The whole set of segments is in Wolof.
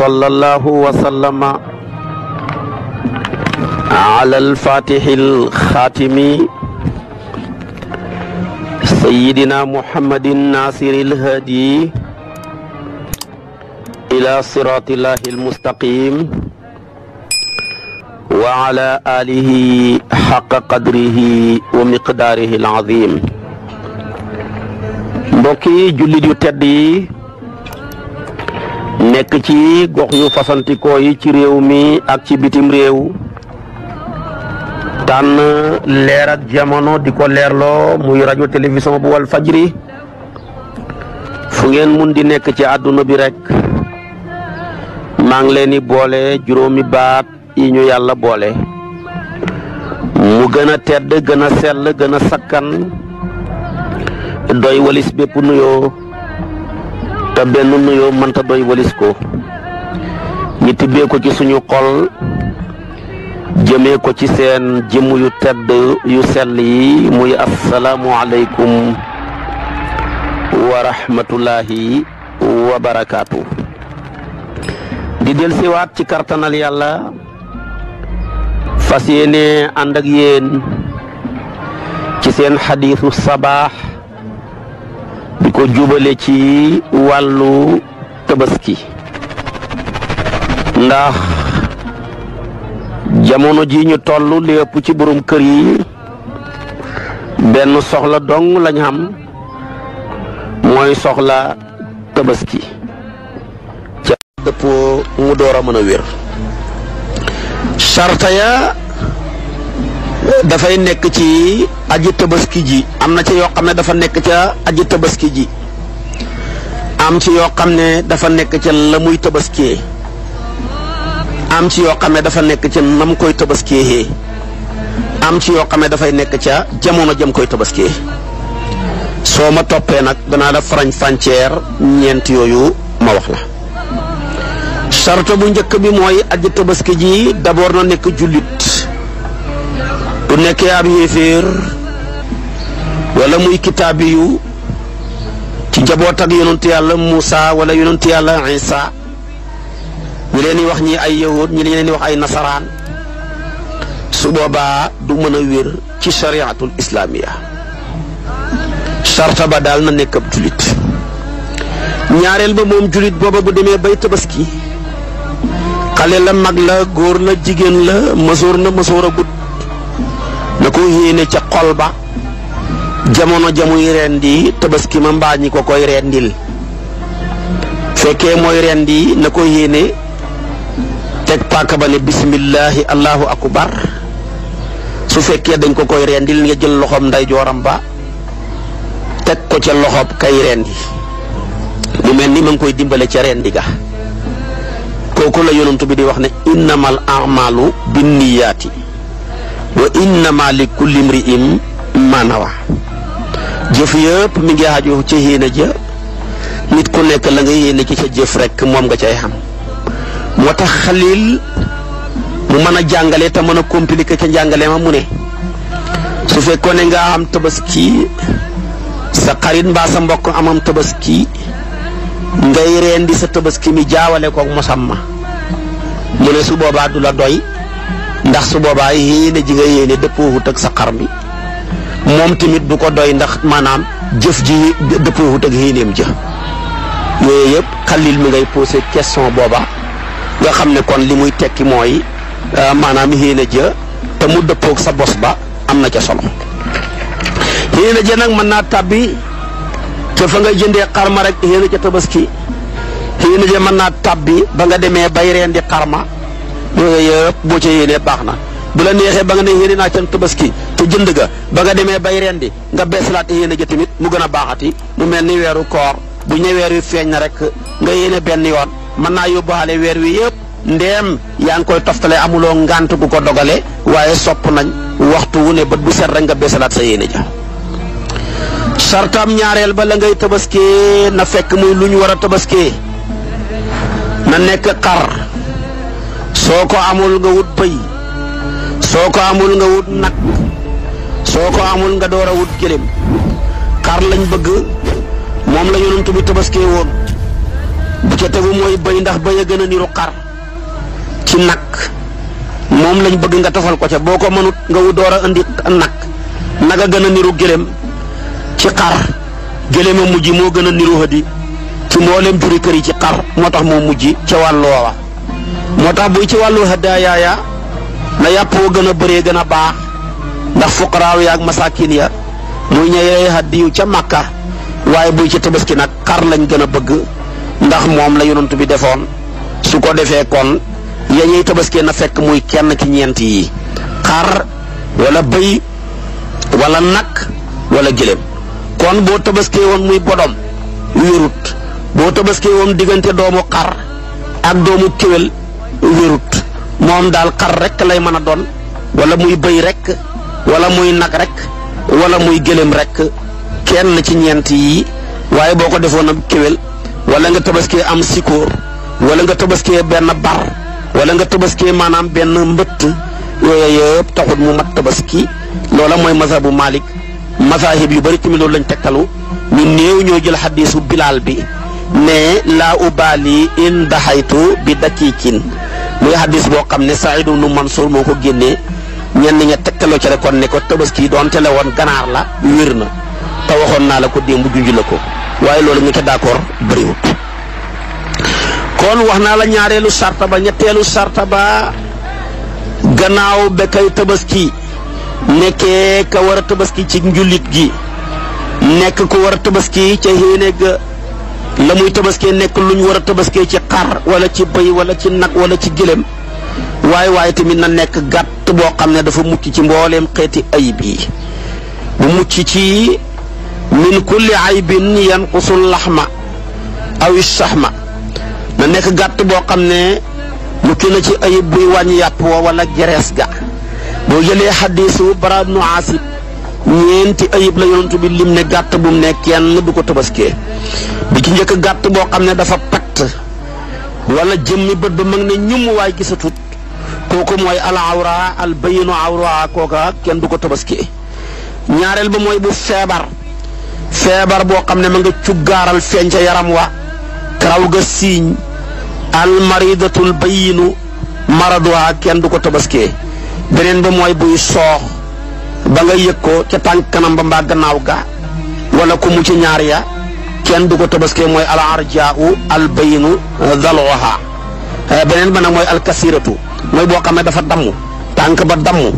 صلى الله وسلم على الفاتح الخاتم سيدنا محمد الناصر الهادي إلى صراط الله المستقيم وعلى آله حق قدره ومقداره العظيم بوكي jullit yu nek ci gox yu fasantikoo yi ci rew mi ak ci bitim rew tan leer ak jamono di ko leerloo muy radio television bu wal fajri fu ngeen mun di nek ci aduna bi rek maa ngi leen di boole juróomi baat yi ñu yalla boole mu gëna tedd gëna sel gëna sakkan doy walis ta benn man ta doy walis ko ñi tibbee ko ci suñu xol jëmee ko ci seen jëmm yu tedd yu sell yi muy assalamu alaykum wa rahmatullahi wa barakaatu di del siwaat ci kartanal yàlla fas yéene ànd ak yéen ci seen xadiisu sabaax ko jubale ci wàllu tabaski ndax jamono ji ñu toll li ci borom kër yi benn soxla dong lañ xam mooy soxla tabaski ca dëppoo mu door a mën a wér sarta ya dafay nekk ci aji tabaski ji am na ci yoo xam ne dafa nekk ca aji tabaski ji am ci yoo xam ne dafa nekk ca la muy tabaskiyee am yoo xam ne dafa nekk ca nam koy tabaskiyee am ci yoo xam ne dafay nekk ca jamono jam koy tabaskiyee soo ma toppee nag danaa la farañ fànceer ñeent yooyu ma wax la charte bu njëkk bi mooy aji tabaski ji d'abord na nekk jullit bu nekkee ab yéeféer wala muy kitaabi yu ci njaboot ak yonent yàlla Muusa wala yonent yàlla Isa ñu leen di wax ñi ay yahud ñu leen di wax ay nasaraan su boobaa du mën a wér ci shariatul islaamiya sarta ba daal na nekk ab julit ñaareel ba moom julit booba bu demee bay tabaski xale la mag la góor la jigéen la masoor na masooragut na ko yéene ca xol ba jamono jamuy rendi tabaski ma mbaa ñi ko koy rendil fekkee mooy rendi na koy yéene teg paaka ba ne bismillaahi allahu akbar su fekkee dañ ko koy rendil nga jël loxoom ndeyjooram ba teg ko ca loxoom kay rendi mu mel ni ma koy dimbale ca rendi ga kooku la yonent bi di wax ne innamal amalu binniyaati wa innama li kulli mri'in ma nawa jëf yëpp mi ngi aju ci yéene ja nit ku nekk la nga yéene ci sa jëf rekk moom nga cay xam moo tax xalil mu mën a jàngale te mën a compliquer ca njàngale ma mu ne su fekkoon ne nga am tabaski sa xarit mbaa sa mbokk amam tabaski ngay reen di sa tabaski mi jaawale kook mosam ma mu ne su boobaa du la doy ndax su boobaa yéene ji nga yéene dëppoowut ak sa xar mi moom tamit du ko doy ndax maanaam jëf ji dëppoowut ak yéeneem ja yooyu yëpp xalil mi ngay posé question booba nga xam ne kon li muy tekki mooy euh, maanaam yéene ja te mu dëppoog sa bos ba am na ca solo yéene ja nag mën naa tàbbi ca fa ngay jëndee xarma rek yéene ja tabaski yéene ja mën naa tàbbi ba nga demee bay reen di xarma yooyu yëpp boo ci yéenee baax na bu la neexee ba nga ne yéene naa ca tabaski te jënd ga ba nga demee bay rendi nga mana yéene ja tamit mu gën a baaxati mu mel ni weeru koor bu ñëwee weer rek nga yéene benn yoon mën naa yóbbaale weer wi yëpp yaa koy toftale amuloo ngant bu ko dogale waaye sopp nañ waxtu wu ne bët bu set rek nga sa yéene ja sartam ñaareel ba la ngay tabaskee na fekk muy lu ñu war na nekk xar Soko amul nga wut soko soko amul nga wut soko soko amul nga door wut gëlem kar lañ bëgg mom la yonent bi tabaske woon bu ci tegu moy bay ndax baye gëna gën a niru xar ci nak mom lañ bëgg nga tofal ko ca boko nga wut andi nak naga gëna a niru gelem ci xar gelema mujj mo gëna a niru hadi ci mbolem juri kër yi ci xar motax mo mujj moo tax buy ci wàllu hadaaya ya na yàpp wa gën a bëree gën a baax ndax fuqaraaw ya ak masaakin ya muy ñëwee hadiyu ca Makka waaye buy ci tabaski nag xar lañ gën a bëgg ndax moom la yonent bi defoon su ko defee kon ya ñuy na fekk muy kenn ci ñeent yi xar wala bëy walla nag wala gëléem kon boo tabaskee woon muy bodom wéerut boo tabaskee woon diggante doomu xar ak doomu kéwél wérut moom daal xar rek lay mën a doon wala muy bëy rek wala muy nag rek wala muy gëléem rek kenn ci ñeent yi waaye boo ko defoon ab kéwél wala nga tabaskee am sikóor wala nga tabaskee benn bar wala nga tabaskee maanaam benn mbëtt yooyu yëpp taxut mu mat tabaski loola mooy bu mazhabu Malik mazahib yu bari tamit loolu lañ tegtalu ñu néew ñoo jël xadiisu bilaal bi ne laa ubaali in daxaytu bi dakiikin muy hadis boo xam ne Saïd man Mansour moo ko génnee ñenn ña tegtaloo ci rek kon ne ko tabaski doon la woon ganaar la wér na te waxoon naa la ko démb junj la ko waaye loolu nga ca d'accord bëriwut kon wax naa la ñaareelu sarta ba ñetteelu sarta ba gannaaw ba kay tabaski nekkee ka war tabaski ci njulit gi nekk ko war a tabaski ca yéene la muy tabaskee nekk lu ñu war a tabaskee ci xar wala ci bëy wala ci nag wala ci gëléem waaye waaye tamit na nekk gàtt boo xam ne dafa mucc ci mbooleem xeeti ayib yi bu mucc ci min kulli aybin yanqusul laxma awi saxma na nekk gàtt boo xam ne mucc na ci ayib buy wàññi yàpp wa wala gerees ga boo jëlee xadiisu baraab nu aasib ñeenti ayib la yonent bi lim ne gàtt bu mu ne kenn du ko tabaskee bi ci njëkk gàtt boo xam ne dafa patt wala jëmmi bët ba mag ne ñum waay gisatut kooku mooy al awra al bayinu awra kooka kenn du ko tabaskee ñaareel ba mooy bu feebar feebar boo xam ne ma nga cuggaaral feeñ ca yaram wa karaw ga siiñ al maridatul bayinu maraduha kenn du ko tabaskee beneen ba mooy buy soox ba nga yëg ko ca tànk kanam ba mbaa gannaaw ga wala ku mu ci ñaar ya kenn du ko tabaskee mooy al arjaau al bayinu daloha eh, beneen ba nag mooy al kasiratu mooy boo xam ne dafa damm tànk ba damm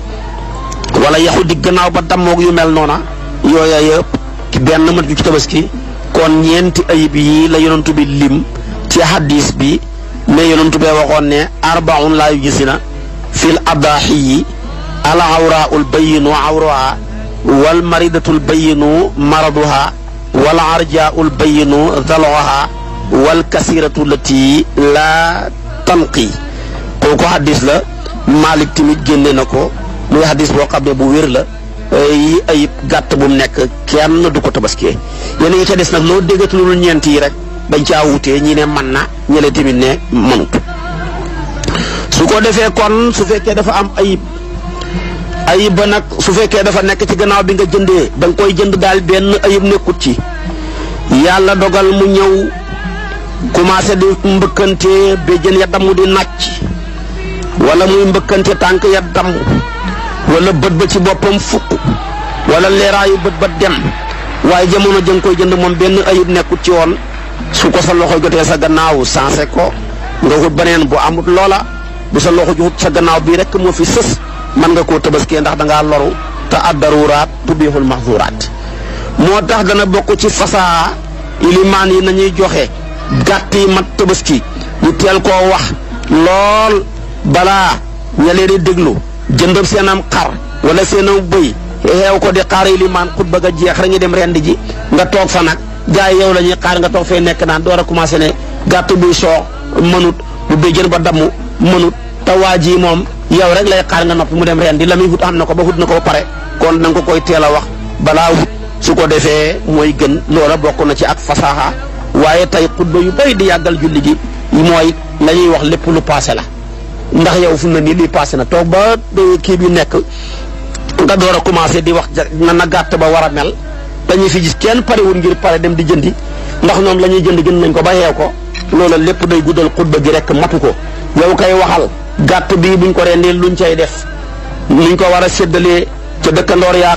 wala yaxu di gannaaw ba dammoog yu mel noona yooya yëpp benn mën ju ci tabaski kon ñeenti ayib yi la yonantu bi lim ci hadis bi ne yonantu bee waxoon ne arbaun laa yu gisi na fil adaahi yi al awraa'ul bayyinu awruhaa wal maridatul bayyinu maraduhaa wal arjaa'ul bayyinu dal'uhaa wal kasiratu lati laa tanqi kooku xadis la Malik tamit génne na ko muy xadis boo xam ne bu wér la yi ayib gàtt bum mu nekk kenn du ko tabaskee yéen yi ca des nag loo déggatulul ñeent yi rek dañ caa wutee ñi ne man na ñële tamit ne mënut su ko defee kon su fekkee dafa am ayib ayib nak su fekke dafa nek ci gannaaw bi nga jënde dang koy jënd dal ben ayib nekut ci yalla dogal mu ñew commencé di mbeukante be jën ya damu di nacc wala muy mbeukante tank ya damm wala beut ba ci bopam fukk wala yu beut ba dem waye jamono jëng koy jënd mom ben ayib nekut ci woon su ko sa loxo jotté sa gannaaw sansé ko nga xut bu amut lola bu sa loxo juxut sa gannaaw bi rek mo fi seuss mën nga ko tabaskee ndax da ngaa loru te addaruuraat tubiixul maxzuuraat moo tax dana bokk ci fasaa ilimaan yi nañuy joxe gàtt mat tabaski ñu teel ko wax lool balaa ña di déglu jëndam seenam xar wala seenam bëy xeew ko di xaar ilimaan xutba ga jeex rek ñu dem rend ji nga toog fa nag gaa yow la ñuy xaar nga toog fee nekk naan door a commencé ne gàtt buy soox mënut bu béjjën ba damm mënut te waa ji moom yow rek lay xaar nga mu dem rendi la lamuy hut amna ko ba hut nako ba pare kon nang ko koy teel wax bala wut su ko defee moy gën lola bokku na ci ak fasaha waye tay xutba yu bari di yàggal julli gi moy lañuy wax lepp lu passé la ndax yow fu mu ne nii passé na tok ba ki bi nek nga door commencé di wax na na gatt ba wara mel dañuy fi gis kenn ngir pare dem di jëndi ndax la jënd gën nañ ko ba ko lola lepp day guddal xutba gi rek matu yow kay waxal gàtt bii buñ ko rendee luñ cay def luñ ko war a séddalee ca dëkkandoor ya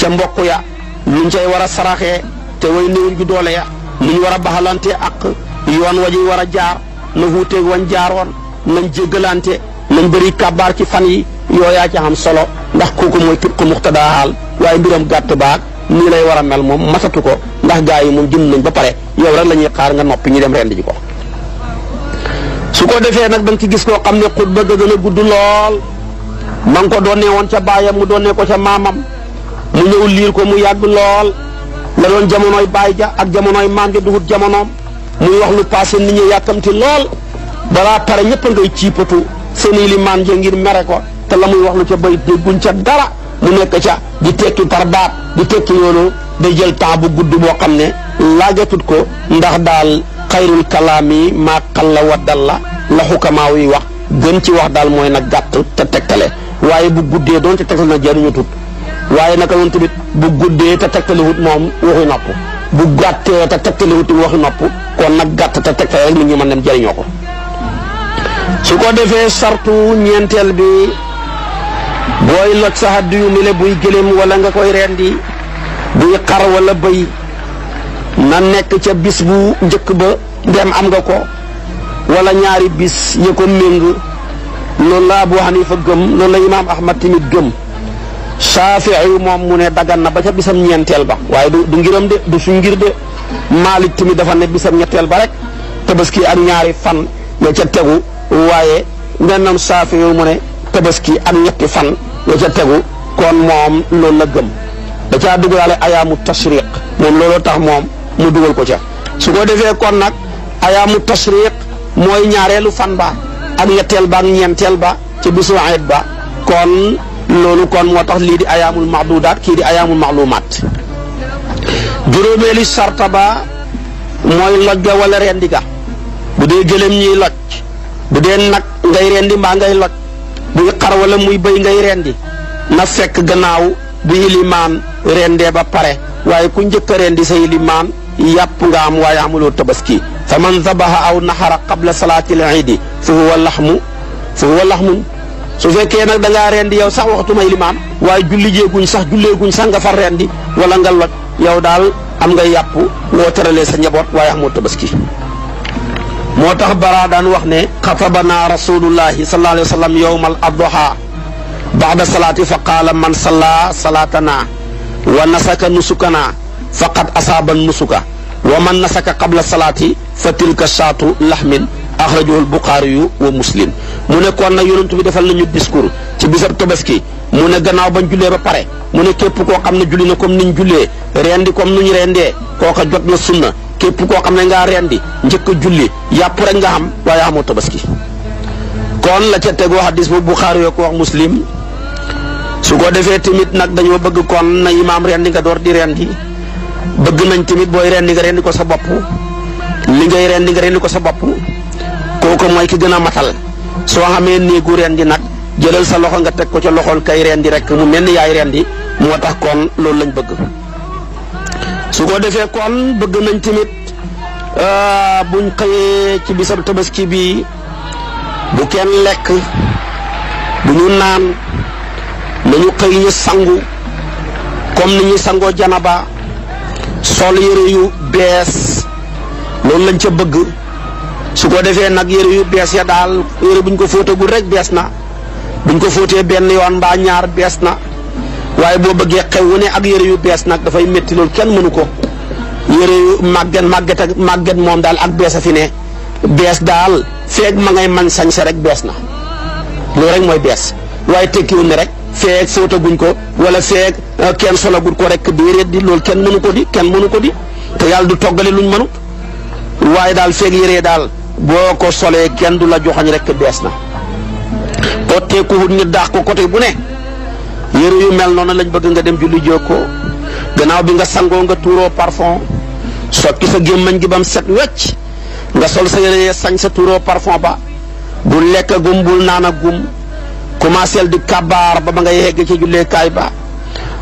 ca mbokk ya luñ cay war a saraxee te way néew doole ya luñ war a baxalante ak yoon wa ñuy war a jaar na wuuteeg wañ jaaroon nañ jéggalante nañ bëri kàbbaar ci fan yi yooyaa ci xam solo ndax kooku mooy képp ko muxtadaaxaal waaye mbiram gàtt baag nii lay war a mel moom matatu ko ndax gaa yi moom jënd nañ ba pare yow rek lañuy xaar nga noppi ñu dem reendi ji ko su ko defee nag da nga ci gis koo xam ne xut ba gën a gudd lool ma ko doon doonee woon ca baayam mu doon nee ko ca maamam mu ñëw liir ko mu yàgg lool la doon jamonoy baay ja ak jamonoy maam ja duhut jamonom muy wax lu passé nit ñi yàkkamti lool balaa pare ñëpp a ngay ciipatu seen i limaan ja ngir mere ko te la muy wax lu ca bay dégguñ ca dara mu nekk ca di tekki tarbaat di tekki yoonu da jël temps bu gudd boo xam ne laajatul ko ndax daal xayrul kalaami maa qalla wa dalla la xukamaaw yi wax gën ci wax daal mooy nag gàtt te tegtale waaye bu guddee doon ci tegtal na jëriñu tut waaye naka noonu tamit bu guddee te tegtalewut moom waxi nopp bu gàttee te tegtalewut waxi nopp kon nag gàtt te tegtale rek nit ñi mën dem jëriñoo ko su ko defee sartu ñeenteel bi booy loj sa haddiyu mi le buy gëléem wala nga koy rendi buy xar wala bëy na nekk ca bis bu njëkk ba ndem am nga ko wala ñaari bis ya ko méng la Abu Hanifa gëm loolu la imaam Ahmad tamit gëm Shaafi'i moom mu ne dagan na ba ca bisam ñeenteel ba waaye du du ngiram de du su ngir de Maalik tamit dafa ne bisam ñetteel ba rek tabaski ak ñaari fan ya ca tegu waaye mennam Shaafi'i mu ne tabaski ak ñetti fan ya ca tegu kon moom loolu la gëm da caa dugalaale ayaamu tashriq moom looloo tax moom mu duggal ko ca su ko defé kon nak ayamu tashriq moy ñaarelu fan ba ak ñettel ba ak ñentel ba ci bisu ba kon lolu kon motax li di kiri maxdudaat ki di ayamul ma'lumat juromeli sarta ba mooy loj wala rendi ga bu dee gëlëm ñiy loj bu dee ngay rendi ma ngay loj bu xar wala muy bay ngay rendi na fekk gannaaw bi ilimaan rendé ba pare waye ku ñëk rendi sa liman yàpp nga am waaye amuloo tabaski fa man dabaha aw naxara qabla salaatil iidi fa huwa laxmu fa huwa laxmun su fekkee nag da rendi yow sax waxtu may limaam waaye julli jeeguñ sax julleeguñ sax nga far rendi wala nga loj yow daal am nga yàpp loo tëralee sa njaboot waaye amoo tabaski moo tax bara daan wax ne xatabana rasulullahi sallallahu alayhi wa sallam yowmal adduha baada salaati fa qaala man salla salaatana wa nasaka nusukana faqad asaba nusuka wa man nasaka qabla salati fa tilka lahmin akhrajahu al-bukhari wa muslim muné ne kon nag yonent bi defal nañu discours ci bisab tabaski muné gannaaw bañ julé ba paré muné képp ko xamné comme niñ julé rendi comme nuñ jot na sunna képp ko xamné nga rendi ñëk julli ya pour nga xam waaye amoo tabaski kon la ci téggo hadith bu bukhari ko wax muslim su ko défé timit nak dañu bëgg kon na imam rendi nga door di rendi bëgg nañ timit boy rendi nga rendi ko sa bop li ngay rendi nga rendi ko sa bop kooku moy ki gën a matal soo ni néegu rendi nak jëlal sa loxo nga tek ko ci loxol kay rendi rek mu melni yaay rendi kon loolu lañ bëgg su ko defee kon bëgg nañ euh buñ xeyé ci bisab tabaski bi bu kenn lek bu naan nañu sangu comme ni ñuy janaba sol yere yu bes loolu lañ ca bëgg su ko defee nag yere yu bes ya dal. yere buñ ko gurek rek bes na buñ ko fóotee benn yoon mbaa ñaar bes na waaye boo bëggee xew wu ne ak yere yu bees nag dafay metti loolu kenn mënu ko yere yu màgget màgget ak màgget moom daal ak fi ne bes daal feeg ma ngay man sa rek bes na loolu rek mooy bees waaye ne rek feeg sootaguñ ko wala feeg euh, kenn solagut ko rek déedéet di loolu kenn mënu ko di kenn mënu ko di te yàlla du toggale luñ mënut waaye daal feeg yéree daal boo ko solee kenn du la joxañ rek bees na otteekuhut ñu daax ko côté bu ne yére yu mel noonu lañ bëgg nga dem julli ko gannaaw bi nga sangoo nga tuuroo parfum soppi sa gémmañ gi bam set wecc nga sol sa yére sañ sa tuuroo parfum ba bul lekk gum bul naan a gum commencé di kabaar ba ba nga yegg ci julleekaay ba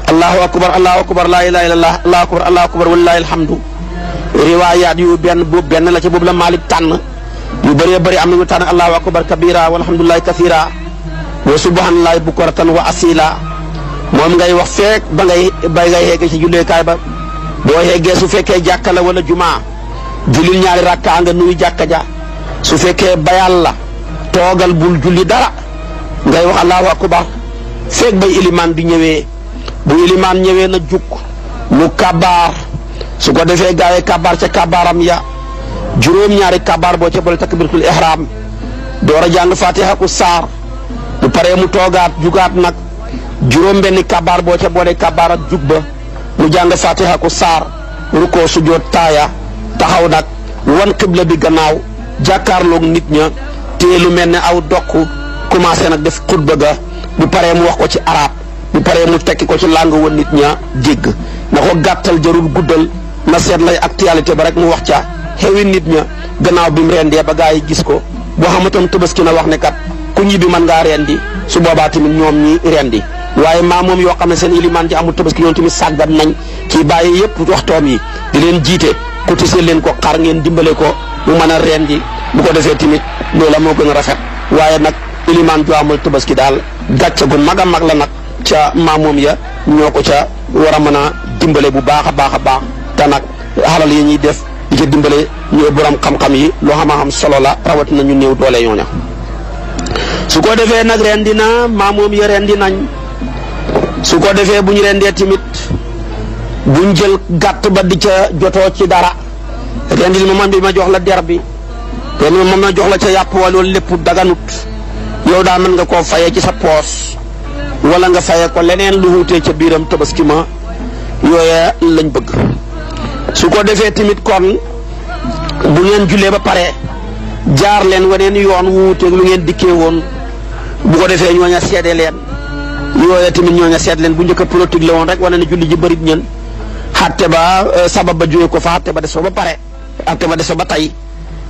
allahu akbar allahu akbar laa ilaaha illallah allahu akbar allahu alhamdu riwaayaat yu benn benn la ci boobu la Maalik tànn yu bëree bëri am na ñu tànn allahu akbar kabira walhamdulillahi kathira wa subhanallahi bukratan wa asila moom ngay wax feek ba ngay ba ngay yeggee ci ba boo yeggee su fekkee jàkka la wala jumaa julil ñaari rakka nga nuyu jàkka su fekkee bayal la toogal bul ngay wax allahu akbar fek bay iliman bi ñewé bu iliman ñewé na juk lu kabar su ko defé gaawee kabar ci kabaram ya juroom ñaari kabar bo ci bol takbiratul ihram do ra jang fatiha ku sar, bu paré mu togaat jugaat nak juroom benn kabar bo ci bolé kabara juk ba mu jang fatiha ku sar, ruko sujud taaya taxaw nak wan qibla bi gannaaw jakarlo nit ñi té lu melni aw dokku commencé nak def khutba ga bu paré mu wax ko ci arab bu paré mu tekki ko ci langue won nit ña dégg na ko jarul guddal na seet lay actualité ba rek mu wax ca xewi nit ña gannaaw bi mu rendé ba gaay gis ko bo wax ne kat ku ñibi man nga rendi su boba tim ñom ñi rendi waye ma mom yo xamne sen seen iliman ci amul tabaski ñoom tamit sagam nañ ci baye yépp waxtom yi di jité ku len ko xar ngeen dimbalé ko mu mëna rendi bu ko defee timit loola mo gëna rafet waye nag iliman ju amul tubaski dal gàcce gu magam a mag la nag ca maamoom ya ñoo ko ca war a bu baax a baax ta nak halal yi def di ca dimbale kamkami borom xam-xam yi lo xam xam solo la rawat na ñu néew doole ñooña su ko defé nak rendina mamum ya su ko defé bu ñu timit buñ jël gatt ba di ca joto ci dara rendil mamam bi ma jox la der bi rendil ma ma jox la ca yap lepp daganut yow daa mën nga koo fayee ci sa poos wala nga fayee ko leneen lu wuutee ca biiram tabaski ma yooya lañ bëgg su ko defee tamit kon bu ngeen julee ba pare jaar leen weneen yoon wuuteeg lu ngeen dikkee woon bu ko defee ñooña seede leen yooya tamit ñooña seet leen bu njëkk politique la woon rek wane ne julli ji bërit ñen xatte ba euh, sabab ba jóge ko fa xatte ba des fa ba pare xatte ba des fa ba tey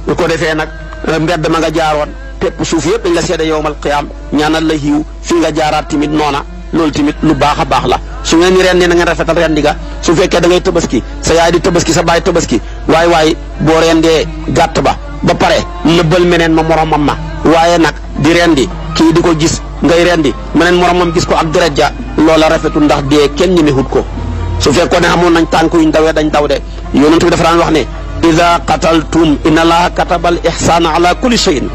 bu ko defee nag euh, mbedd ma nga jaaroon tepp suuf yépp dañ la seede yowmal qiyam ñaanal la hiw fi nga jaaraat timit noona loolu timit lu baax a baax la su ngeen ni rendi na ngeen rafetal rendi ga su fekkee da ngay tëbaski sa yaay di tëbaski sa baay tëbaski waay waay boo rendee gàtt ba ba pare nëbbal meneen ma moromam ma waaye nag di rendi kii di ko gis ngay rendi meneen moromam gis ko ak deret ja loola rafetul ndax dee kenn ñi hut ko su fekkoon ne amoon nañ tànk yu dawee dañ daw de yonent bi dafa daan wax ne ida qataltum inna allaha katabal ihsana ala kulli shay'in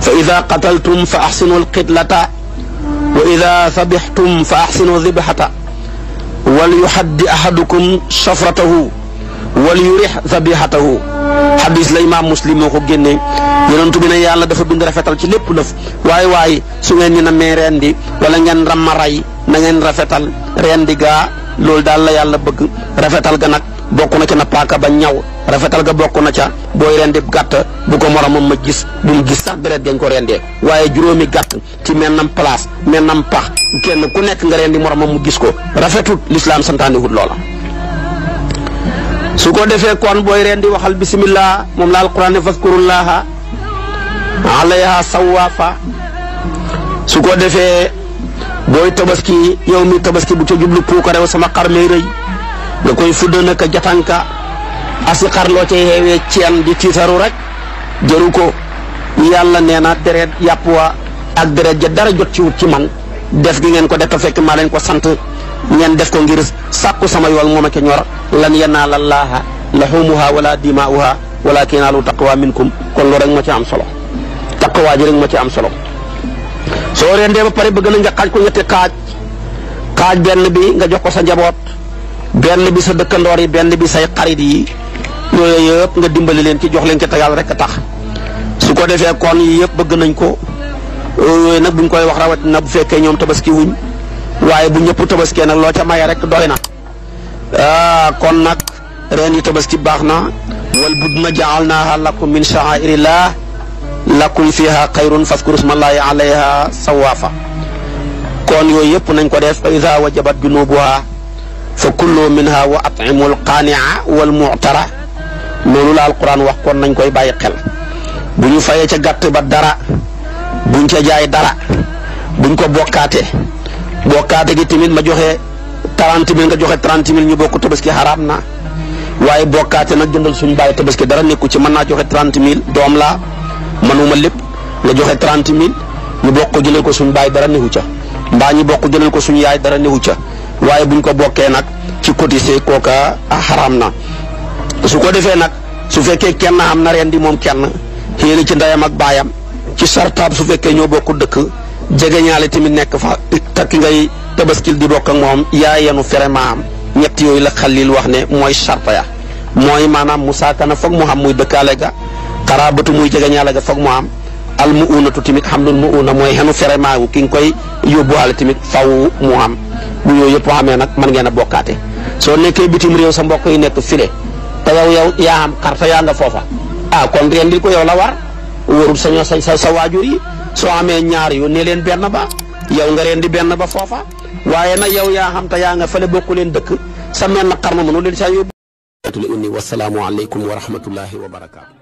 fa ida qataltum fa axsinu alqitlata wa ida sabixtum fa axsinu dibxata wal yuxaddi ahadukum safratahu wal yurix sabixatahu xadis la imaam muslim moo ko génne yonentu bi ne yàlla dafa bind rafetal ci lépp lëf waaye waaye su ngeen ñu namee rendi wala ngeen ramma ray na ngeen rafetal rendi gaa loolu daal la yàlla bëgg rafetal ga nag bokk na ci na paaka ba ñaw rafetal ga bokku na ca boy rendi gatt bu ko moromam ma gis bu mu gis sax deret ya gën ko rendé waye juroomi gatt ci mennam place mennam pax kenn ku nekk nga rendi moromam mu gis ko rafetut l'islam santane hut lola su ko kon boy rendi waxal bismillah mom la alquran ne alayha sawafa su ko boy tabaski yow mi tabaski bu ci jublu rew sama xar may rëy nga koy fudde naka jatanka asi xarloo cay xeewee ceen di tiitaru rek jëru ko yàlla nee na deret yàpp wa ak deret ja dara jot ci wut ci man def gi ngeen ko def fekk maa leen ko sant ngeen def ko ngir sàkku sama yool moom ak ñor lan yanaala llaaha laxumuha wala dimaa'uha walaakin yanaalu taqwa minkum kon loolu rek moo ci am solo taqwa ji rek moo ci am solo soo dee ba pare bëgg na nga xaaj ko ñetti xaaj xaaj benn bi nga jox ko sa njaboot benn bi sa dëkkandoor yi benn bi say xarit yi kuréel yëpp nga dimbali leen ci jox leen ci te yàlla rek a tax su ko defee kon yi yëpp bëgg nañ ko yooyu nag buñ koy wax rawat na bu fekkee ñoom tabaski wuñ waaye bu ñëpp tabaskee nag loo ca maye rek doy na ah kon nag reen yi tabaski baax na wal budna jaalnaaha lakum min sha'airillah lakum fiha xayrun faskuru smallahi alayha sawaafa kon yooyu yëpp nañ ko def fa ida wajabat junubuha fa kullu minha wa atimul qaania wal mu'tara loolu la alquran wax kon nañ koy bàyyi xel bu ñu fayee ca gàtt ba dara buñ ca jaay dara buñ ko bokkaate bokkaate gi tamit ma joxe trente mille nga joxe trente mille ñu bokk tabaski xaraam na waaye bokkaate nag jëndal suñu bàyyi tabaski dara nekku ci mën naa joxe trente mille doom laa manuma lépp nga joxe trente mille ñu bokk ko jëlal ko suñu bàyyi dara newu ca mbaa ñu bokk jëlal ko suñu yaay dara newu ca waaye buñ ko bokkee nag ci cotiser kooka ah, xaraam na su ko defee nag su fekkee kenn am na rendi moom kenn xéena ci ndeyam ak baayam ci sartaab su fekkee ñoo bokk dëkk jege ñaale tamit nekk fa takk ngay tabaskil di bokk ak moom yaa yenu fere maam ñett yooyu la xalil wax ne mooy sarta ya mooy maanaam mu musaakana foog mu xam muy dëkkaale ga xaraabatu muy jege ñaale ga foog mu am al mu uunatu tamit xamdul mu uuna mooy xenu fere maagu ki nga koy yóbbuwaale tamit faw mu am bu yooyu yëpp xamee nag mën ngeen a bokkaate soo nekkee bitim réew sa mbokk yi nekk file te yow yow yaa am xar yaa nga foofa ah kon rendil ko yow la war warul sañoo sa sa waajur soo amee ñaar yu ne leen benn ba yow nga rendi benn ba foofa waaye nag yow yaa xam te yaa nga fële bokk leen dëkk sa menn xar ma mënu leen saa yóbbu. wa salaamu aleykum wa rahmatullahi wa barakaatu.